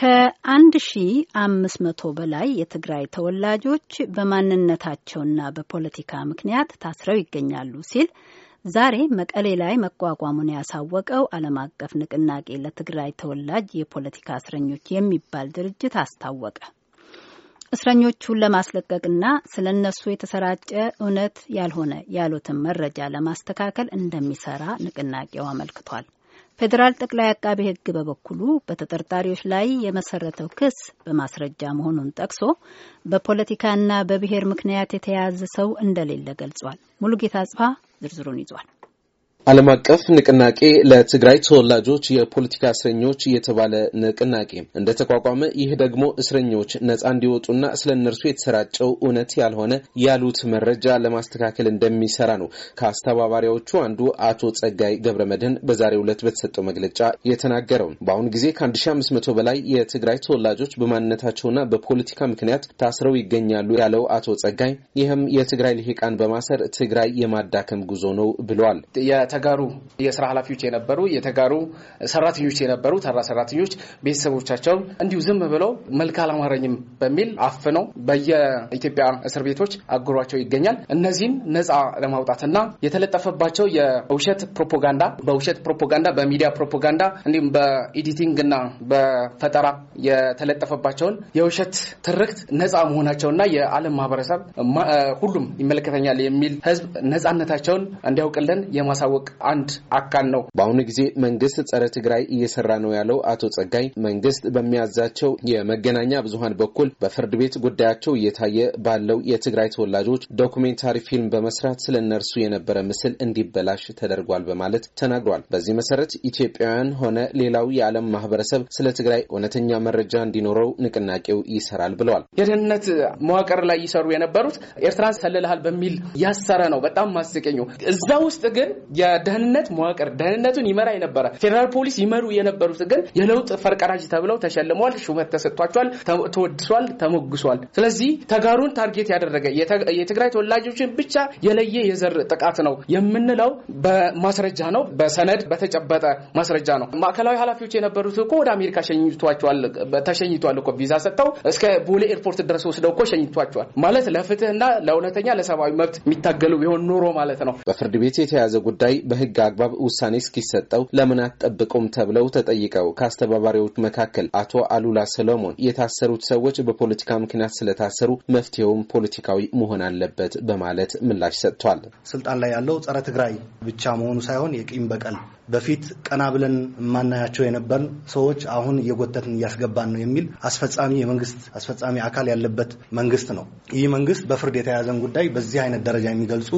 ከ1500 በላይ የትግራይ ተወላጆች በማንነታቸውና በፖለቲካ ምክንያት ታስረው ይገኛሉ ሲል ዛሬ መቀሌ ላይ መቋቋሙን ያሳወቀው ዓለም አቀፍ ንቅናቄ ለትግራይ ተወላጅ የፖለቲካ እስረኞች የሚባል ድርጅት አስታወቀ። እስረኞቹን ለማስለቀቅና ስለ እነሱ የተሰራጨ እውነት ያልሆነ ያሉትን መረጃ ለማስተካከል እንደሚሰራ ንቅናቄው አመልክቷል። ፌዴራል ጠቅላይ አቃቤ ሕግ በበኩሉ በተጠርጣሪዎች ላይ የመሰረተው ክስ በማስረጃ መሆኑን ጠቅሶ በፖለቲካና በብሔር ምክንያት የተያዘ ሰው እንደሌለ ገልጿል። ሙሉጌታ ጽፋ ዝርዝሩን ይዟል። ዓለም አቀፍ ንቅናቄ ለትግራይ ተወላጆች የፖለቲካ እስረኞች የተባለ ንቅናቄ እንደተቋቋመ ይህ ደግሞ እስረኞች ነጻ እንዲወጡና ስለ እነርሱ የተሰራጨው እውነት ያልሆነ ያሉት መረጃ ለማስተካከል እንደሚሰራ ነው ከአስተባባሪዎቹ አንዱ አቶ ጸጋይ ገብረ መድህን በዛሬው ዕለት በተሰጠው መግለጫ የተናገረው። በአሁኑ ጊዜ ከ1500 በላይ የትግራይ ተወላጆች በማንነታቸውና በፖለቲካ ምክንያት ታስረው ይገኛሉ ያለው አቶ ጸጋይ ይህም የትግራይ ልሂቃን በማሰር ትግራይ የማዳከም ጉዞ ነው ብለዋል። የተጋሩ የስራ ኃላፊዎች የነበሩ የተጋሩ ሰራተኞች የነበሩ ተራ ሰራተኞች ቤተሰቦቻቸውን እንዲሁ ዝም ብለው መልክ አላማረኝም በሚል አፍነው በየኢትዮጵያ እስር ቤቶች አጉሯቸው ይገኛል። እነዚህም ነጻ ለማውጣትና የተለጠፈባቸው የውሸት ፕሮፓጋንዳ በውሸት ፕሮፓጋንዳ፣ በሚዲያ ፕሮፓጋንዳ እንዲሁም በኤዲቲንግ በፈጠራ የተለጠፈባቸውን የውሸት ትርክት ነጻ መሆናቸውና የዓለም ማህበረሰብ ሁሉም ይመለከተኛል የሚል ህዝብ ነጻነታቸውን እንዲያውቅልን የማሳወቅ የሚታወቅ አንድ አካል ነው። በአሁኑ ጊዜ መንግስት ጸረ ትግራይ እየሰራ ነው ያለው አቶ ጸጋይ መንግስት በሚያዛቸው የመገናኛ ብዙሀን በኩል በፍርድ ቤት ጉዳያቸው እየታየ ባለው የትግራይ ተወላጆች ዶኩሜንታሪ ፊልም በመስራት ስለ እነርሱ የነበረ ምስል እንዲበላሽ ተደርጓል በማለት ተናግሯል። በዚህ መሰረት ኢትዮጵያውያን ሆነ ሌላው የዓለም ማህበረሰብ ስለ ትግራይ እውነተኛ መረጃ እንዲኖረው ንቅናቄው ይሰራል ብለዋል። የደህንነት መዋቅር ላይ ይሰሩ የነበሩት ኤርትራን ሰልልሃል በሚል ያሰረ ነው። በጣም ማስቀኘው እዛ ውስጥ ግን የደህንነት መዋቅር ደህንነቱን ይመራ የነበረ ፌዴራል ፖሊስ ይመሩ የነበሩት ግን የለውጥ ፈርቀዳጅ ተብለው ተሸልመዋል። ሹመት ተሰጥቷቸዋል፣ ተወድሷል፣ ተሞግሷል። ስለዚህ ተጋሩን ታርጌት ያደረገ የትግራይ ተወላጆችን ብቻ የለየ የዘር ጥቃት ነው የምንለው በማስረጃ ነው፣ በሰነድ በተጨበጠ ማስረጃ ነው። ማዕከላዊ ኃላፊዎች የነበሩት እኮ ወደ አሜሪካ ሸኝቷቸዋል፣ ተሸኝቷል እኮ ቪዛ ሰጥተው እስከ ቦሌ ኤርፖርት ድረስ ወስደው እኮ ሸኝቷቸዋል። ማለት ለፍትህና ለእውነተኛ ለሰብአዊ መብት የሚታገሉ ቢሆን ኖሮ ማለት ነው። በፍርድ ቤት የተያዘ ጉዳይ ላይ በህግ አግባብ ውሳኔ እስኪሰጠው ለምን አትጠብቁም ተብለው ተጠይቀው ከአስተባባሪዎች መካከል አቶ አሉላ ሰለሞን የታሰሩት ሰዎች በፖለቲካ ምክንያት ስለታሰሩ መፍትሄውም ፖለቲካዊ መሆን አለበት በማለት ምላሽ ሰጥቷል። ስልጣን ላይ ያለው ጸረ ትግራይ ብቻ መሆኑ ሳይሆን የቂም በቀል በፊት ቀና ብለን የማናያቸው የነበርን ሰዎች አሁን እየጎተትን እያስገባን ነው የሚል አስፈጻሚ የመንግስት አስፈጻሚ አካል ያለበት መንግስት ነው። ይህ መንግስት በፍርድ የተያዘን ጉዳይ በዚህ አይነት ደረጃ የሚገልጹ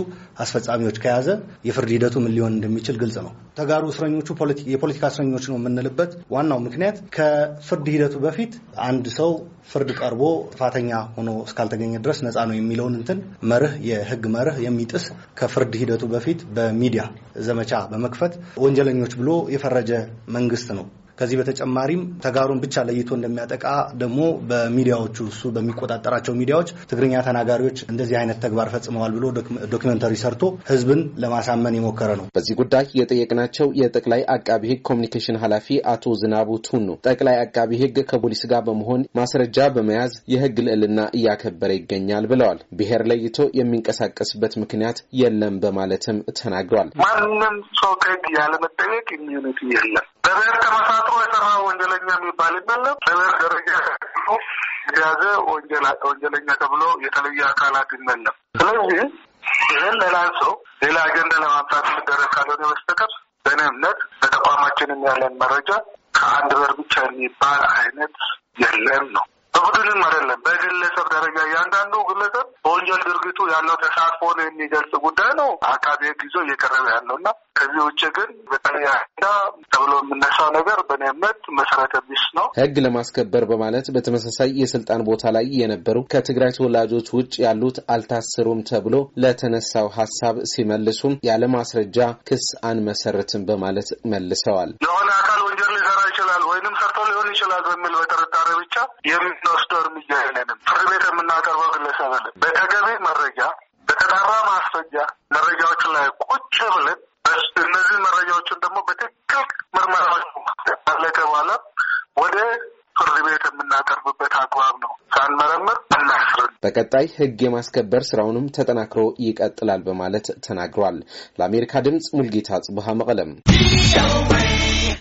አስፈጻሚዎች ከያዘ የፍርድ ሂደቱ ምን ሊሆን እንደሚችል ግልጽ ነው። ተጋሩ እስረኞቹ የፖለቲካ እስረኞች ነው የምንልበት ዋናው ምክንያት ከፍርድ ሂደቱ በፊት አንድ ሰው ፍርድ ቀርቦ ጥፋተኛ ሆኖ እስካልተገኘ ድረስ ነፃ ነው የሚለውን እንትን መርህ የህግ መርህ የሚጥስ ከፍርድ ሂደቱ በፊት በሚዲያ ዘመቻ በመክፈት ወንጀለኞች ብሎ የፈረጀ መንግስት ነው። ከዚህ በተጨማሪም ተጋሩን ብቻ ለይቶ እንደሚያጠቃ ደግሞ በሚዲያዎቹ እሱ በሚቆጣጠራቸው ሚዲያዎች ትግርኛ ተናጋሪዎች እንደዚህ አይነት ተግባር ፈጽመዋል ብሎ ዶኪመንተሪ ሰርቶ ህዝብን ለማሳመን የሞከረ ነው። በዚህ ጉዳይ የጠየቅናቸው የጠቅላይ አቃቢ ህግ ኮሚኒኬሽን ኃላፊ አቶ ዝናቡ ቱኑ ጠቅላይ አቃቢ ህግ ከፖሊስ ጋር በመሆን ማስረጃ በመያዝ የህግ ልዕልና እያከበረ ይገኛል ብለዋል። ብሔር ለይቶ የሚንቀሳቀስበት ምክንያት የለም በማለትም ተናግሯል። ማንም ሰው ከህግ ያለመጠየቅ ኢሚዩኒቲ የለም። በብሔር ተመሳጥሮ የሰራ ወንጀለኛ የሚባል የለም። በብሔር ደረጃ የያዘ ወንጀለኛ ተብሎ የተለየ አካላት ይመለም። ስለዚህ ይህን ሌላ ሰው ሌላ አጀንዳ ለማምጣት የሚደረግ ካልሆነ በስተቀር በእኔ እምነት በተቋማችንም ያለን መረጃ ከአንድ በር ብቻ የሚባል አይነት የለም ነው። በቡድንም አይደለም፣ በግለሰብ ደረጃ እያንዳንዱ ግለሰብ በወንጀል ድርጊቱ ያለው ተሳትፎን የሚገልጽ ጉዳይ ነው አቃቤ ሕግ ይዞ እየቀረበ ያለው እና ከዚህ ውጭ ግን በተለያ ተብሎ የምነሳው ነገር በእኔ እምነት መሰረተ ቢስ ነው። ሕግ ለማስከበር በማለት በተመሳሳይ የስልጣን ቦታ ላይ የነበሩ ከትግራይ ተወላጆች ውጭ ያሉት አልታሰሩም ተብሎ ለተነሳው ሀሳብ ሲመልሱም ያለ ማስረጃ ክስ አንመሰርትም በማለት መልሰዋል። የሆነ አካል ይችላል ወይንም ሰርቶ ሊሆን ይችላል በሚል በጥርጣሬ ብቻ የምንወስደው እርምጃ የለንም። ፍርድ ቤት የምናቀርበው ግለሰብ በተገቢ መረጃ በተጣራ ማስረጃ መረጃዎችን ላይ ቁጭ ብለን እነዚህ መረጃዎችን ደግሞ በትክክል ምርመራዎች ካለቀ በኋላ ወደ ፍርድ ቤት የምናቀርብበት አግባብ ነው። ሳንመረምር እናስርን። በቀጣይ ህግ የማስከበር ስራውንም ተጠናክሮ ይቀጥላል በማለት ተናግሯል። ለአሜሪካ ድምፅ ሙልጌታ ጽቡሃ መቀለም